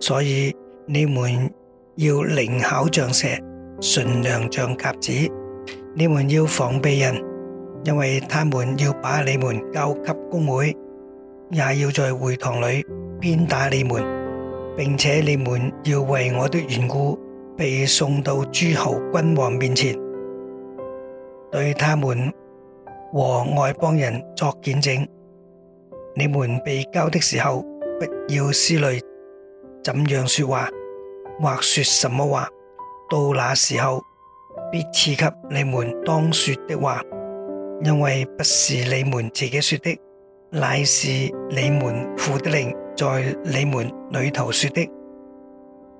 所以你們要靈巧像蛇，純良像鴿子。你們要防備人，因為他們要把你們交給公會，也要在會堂裏鞭打你們，並且你們要為我的緣故被送到諸侯君王面前，對他們和外邦人作見證。你們被交的時候，不要思慮。怎樣說話或說什麼話，到那時候必賜給你們當說的話，因為不是你們自己說的，乃是你們父的靈在你們裏頭說的。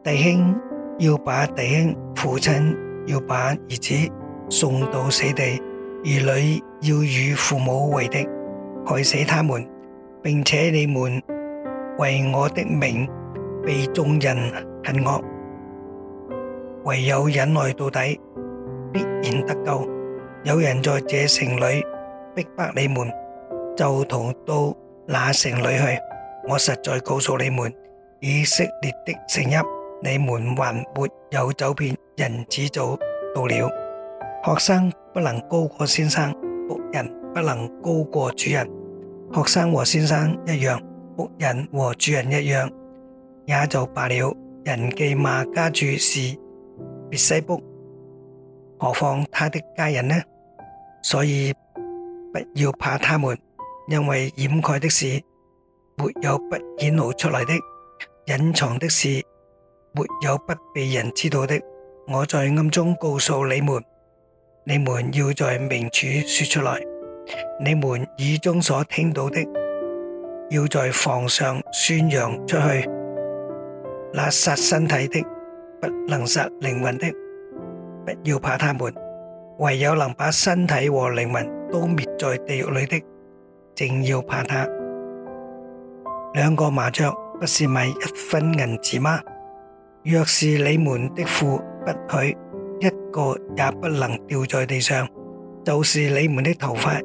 弟兄要把弟兄、父親要把兒子送到死地，兒女要與父母為敵害死他們，並且你們為我的名。被眾人恨惡，唯有忍耐到底，必然得救。有人在這城裏逼迫你們，就逃到那城裏去。我實在告訴你們，以色列的城邑，你們還沒有走遍，人子就到了。學生不能高過先生，僕人不能高過主人。學生和先生一樣，僕人和主人一樣。也就罷了，人既罵家主是別西卜，何況他的家人呢？所以不要怕他們，因為掩蓋的事沒有不顯露出來的，隱藏的事沒有不被人知道的。我在暗中告訴你們，你們要在明處說出來，你們耳中所聽到的，要在房上宣揚出去。那殺身體的不能殺靈魂的，不要怕他們；唯有能把身體和靈魂都滅在地獄裏的，正要怕他。兩個麻雀不是賣一分銀子嗎？若是你們的父不許一個也不能掉在地上，就是你們的頭髮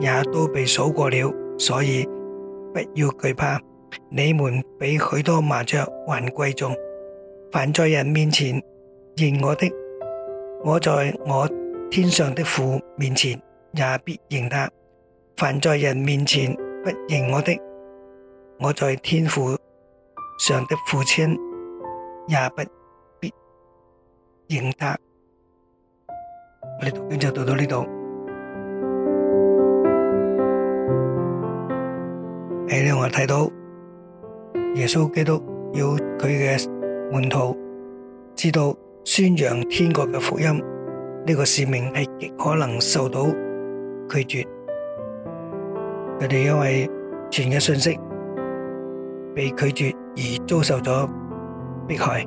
也都被數過了，所以不要懼怕。你們比許多麻雀還貴重。凡在人面前認我的，我在我天上的父面前也必認他；凡在人面前不認我的，我在天父上的父親也不必認他。我哋讀經就讀到呢度。哎呀，我睇到。耶穌基督要佢嘅門徒知道宣揚天國嘅福音呢個使命係極可能受到拒絕，佢哋因為傳嘅信息被拒絕而遭受咗迫害。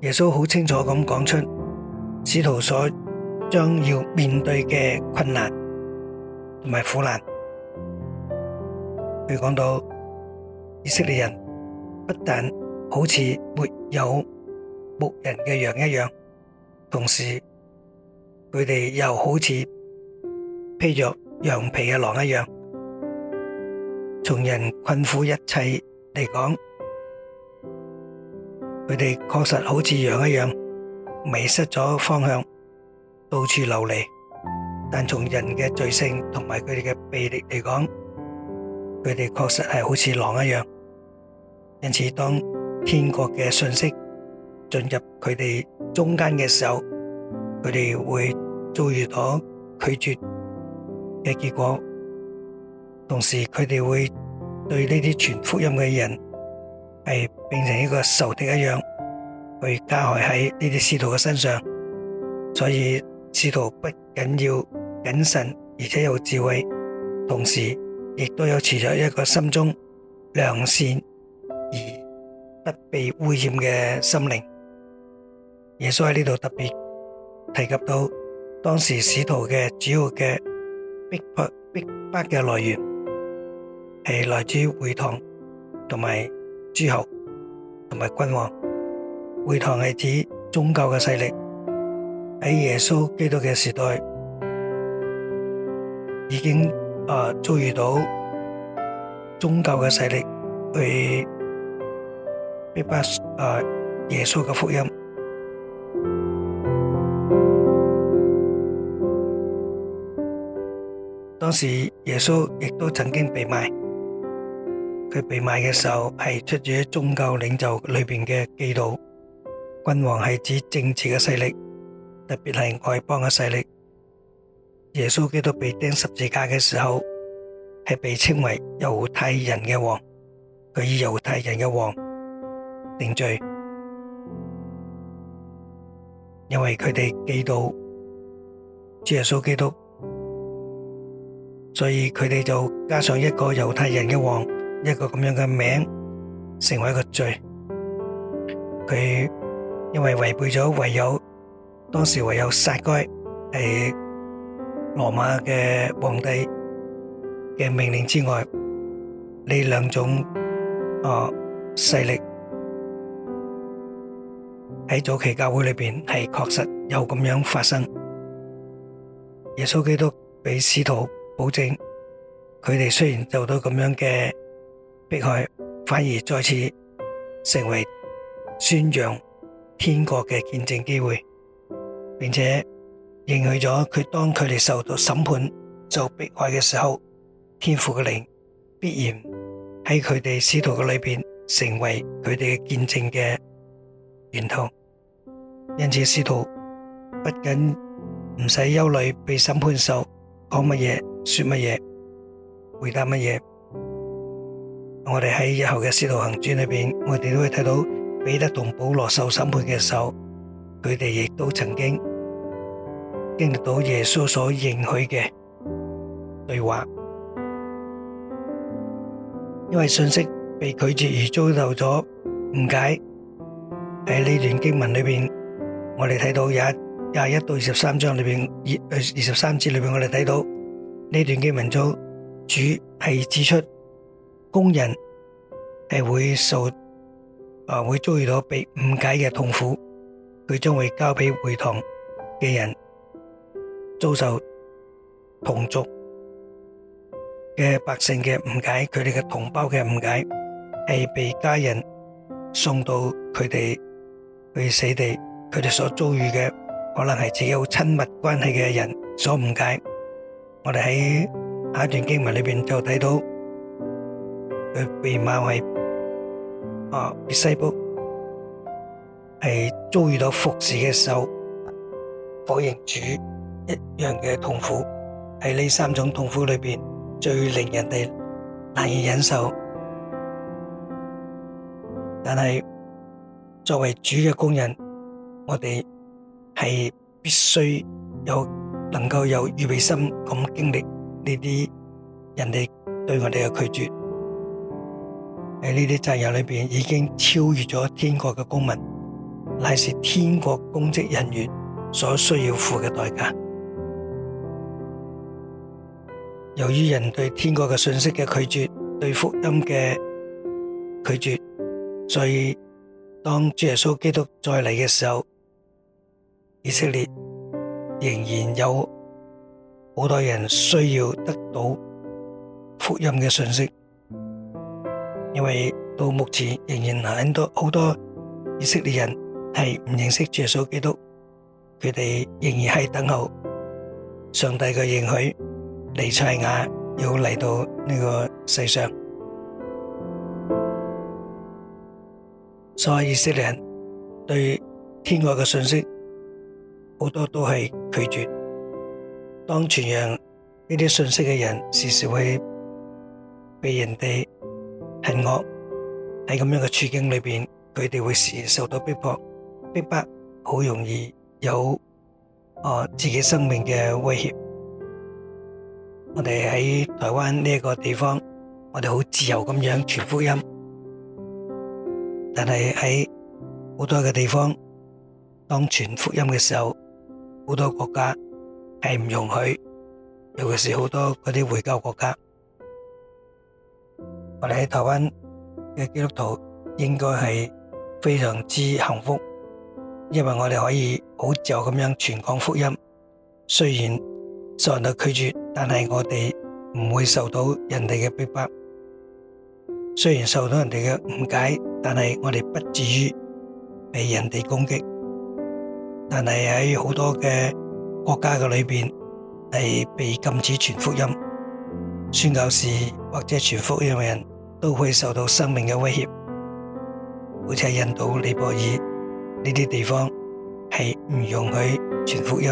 耶穌好清楚咁講出使徒所將要面對嘅困難同埋苦難，佢講到。以色列人不但好似沒有牧人嘅羊一樣，同時佢哋又好似披着羊皮嘅狼一樣。從人困苦一切嚟講，佢哋確實好似羊一樣迷失咗方向，到處流離；但從人嘅罪性同埋佢哋嘅臂力嚟講，佢哋確實係好似狼一樣。因此，當天國嘅信息進入佢哋中間嘅時候，佢哋會遭遇到拒絕嘅結果，同時佢哋會對呢啲傳福音嘅人係變成一個仇敵一樣，去加害喺呢啲使徒嘅身上。所以使徒不僅要謹慎，而且有智慧，同時亦都有持著一個心中良善。不被污染嘅心靈，耶穌喺呢度特別提及到當時使徒嘅主要嘅逼迫，逼迫嘅來源，係來自於會堂同埋諸侯同埋君王。會堂係指宗教嘅勢力，喺耶穌基督嘅時代已經啊遭遇到宗教嘅勢力去。俾巴，呃，耶穌嘅福音。當時耶穌亦都曾經被賣。佢被賣嘅時候係出自喺宗教領袖裏邊嘅嫉妒。君王係指政治嘅勢力，特別係外邦嘅勢力。耶穌基督被釘十字架嘅時候，係被稱為猶太人嘅王。佢以猶太人嘅王。定罪，因為佢哋嫉妒耶穌基督，所以佢哋就加上一個猶太人嘅王，一個咁樣嘅名，成為一個罪。佢因為違背咗唯有當時唯有殺該係羅馬嘅皇帝嘅命令之外，呢兩種啊勢力。喺早期教會裏面，係確實有咁樣發生。耶穌基督俾使徒保證，佢哋雖然受到咁樣嘅迫害，反而再次成為宣揚天國嘅見證機會，並且應許咗佢當佢哋受到審判做迫害嘅時候，天父嘅靈必然喺佢哋使徒嘅裏面成為佢哋嘅見證嘅。源頭，因此，使徒不僅唔使憂慮被審判受講乜嘢、說乜嘢、回答乜嘢。我哋喺日後嘅《使徒行傳》裏邊，我哋都會睇到彼得同保羅受審判嘅時候，佢哋亦都曾經經歷到耶穌所應許嘅對話，因為信息被拒絕而遭受咗誤解。喺呢段經文裏邊，我哋睇到廿廿一到二十三章裏邊二二十三節裏邊，我哋睇到呢段經文中，主係指出工人係會受啊會遭遇到被誤解嘅痛苦，佢將會交俾會堂嘅人遭受同族嘅百姓嘅誤解，佢哋嘅同胞嘅誤解，係被家人送到佢哋。佢死地，佢哋所遭遇嘅，可能係自己好親密關係嘅人所誤解。我哋喺下一段經文裏邊就睇到佢被罵為啊別西卜，係遭遇到服侍嘅受火刑主一樣嘅痛苦。喺呢三種痛苦裏邊，最令人哋難以忍受。但係。作為主嘅工人，我哋係必須有能夠有預備心咁經歷呢啲人哋對我哋嘅拒絕。喺呢啲責任裡面已經超越咗天國嘅公民，乃是天國公職人員所需要付嘅代價。由於人對天國嘅信息嘅拒絕，對福音嘅拒絕，所以。當主耶穌基督再嚟嘅時候，以色列仍然有好多人需要得到福音嘅信息，因為到目前仍然很多好多以色列人係唔認識主耶穌基督，佢哋仍然喺等候上帝嘅應許，彌賽亞要嚟到呢個世上。所以以色列人對天外嘅信息好多都係拒絕。當傳揚呢啲信息嘅人，時時會被人哋恨惡。喺咁樣嘅處境裏面，佢哋會時時受到逼迫、逼迫，好容易有啊、哦、自己生命嘅威脅。我哋喺台灣呢一個地方，我哋好自由咁樣傳福音。但係喺好多嘅地方，當傳福音嘅時候，好多國家係唔容許，尤其是好多嗰啲回教國家。我哋喺台灣嘅基督徒應該係非常之幸福，因為我哋可以好自由咁樣傳講福音，雖然受人嘅拒絕，但係我哋唔會受到人哋嘅逼迫，雖然受到人哋嘅誤解。但係我哋不至於被人哋攻擊，但係喺好多嘅國家嘅裏邊係被禁止傳福音，宣教士或者傳福音嘅人都會受到生命嘅威脅。好似印度、尼泊爾呢啲地方係唔容許傳福音。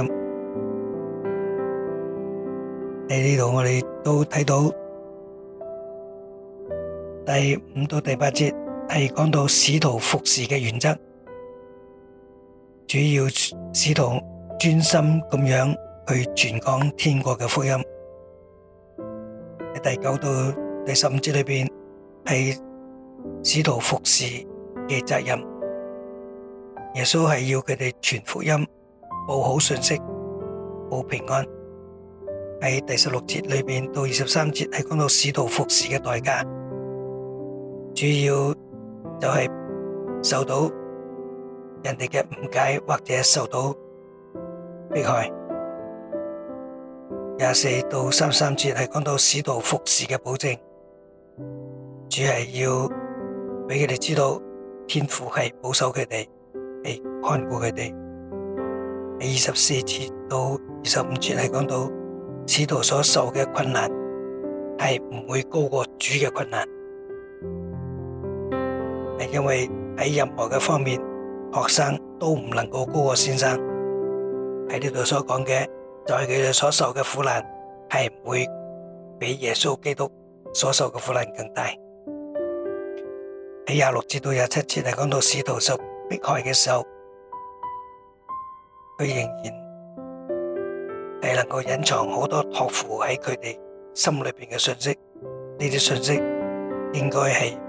喺呢度我哋都睇到第五到第八節。係講到使徒服侍嘅原則，主要使徒專心咁樣去傳講天國嘅福音。喺第九到第十五節裏邊，係使徒服侍嘅責任。耶穌係要佢哋傳福音、報好信息、報平安。喺第十六節裏邊到二十三節，係講到使徒服侍嘅代價，主要。就係受到人哋嘅誤解或者受到迫害。廿四到三三節係講到使徒服侍嘅保證，主係要俾佢哋知道天父係保守佢哋，係看護佢哋。第二十四節到二十五節係講到使徒所受嘅困難係唔會高過主嘅困難。因為喺任何嘅方面，學生都唔能夠高過先生。喺呢度所講嘅，就係佢哋所受嘅苦難，係唔會比耶穌基督所受嘅苦難更大。喺廿六至到廿七節嚟，講到使徒受迫害嘅時候，佢仍然係能夠隱藏好多託付喺佢哋心裏邊嘅信息。呢啲信息應該係。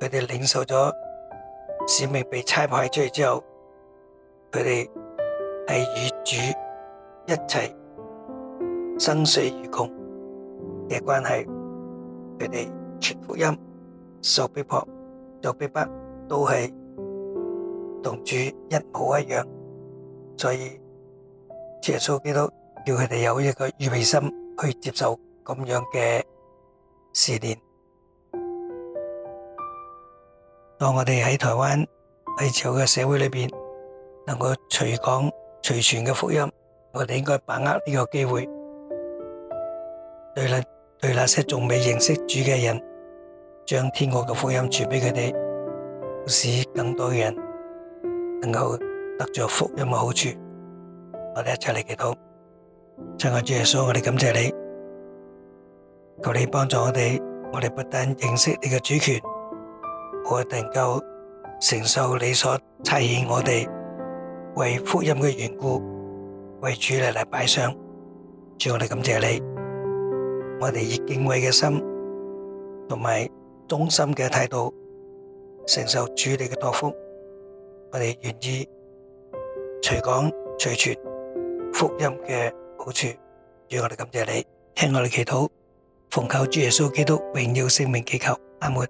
佢哋領受咗使命，被差派出去之後，佢哋係與主一齊生死與共嘅關係。佢哋傳福音，受逼迫，受逼迫都係同主一模一樣。所以耶穌基督叫佢哋有一個預備心去接受咁樣嘅試煉。當我哋喺台灣、喺朝嘅社會裏邊，能夠隨講隨傳嘅福音，我哋應該把握呢個機會，對那對那些仲未認識主嘅人，將天國嘅福音傳俾佢哋，使更多嘅人能夠得着福音嘅好處。我哋一齊嚟祈禱，親愛的主耶穌，我哋感謝你，求你幫助我哋，我哋不但認識你嘅主權。我能夠承受你所差遣我哋為福音嘅緣故，為主你嚟擺上。主我哋感謝你，我哋以敬畏嘅心同埋忠心嘅態度承受主你嘅託付。我哋願意隨講隨傳福音嘅好處。主我哋感謝你，聽我哋祈禱，奉靠主耶穌基督榮耀聖名祈求，阿門。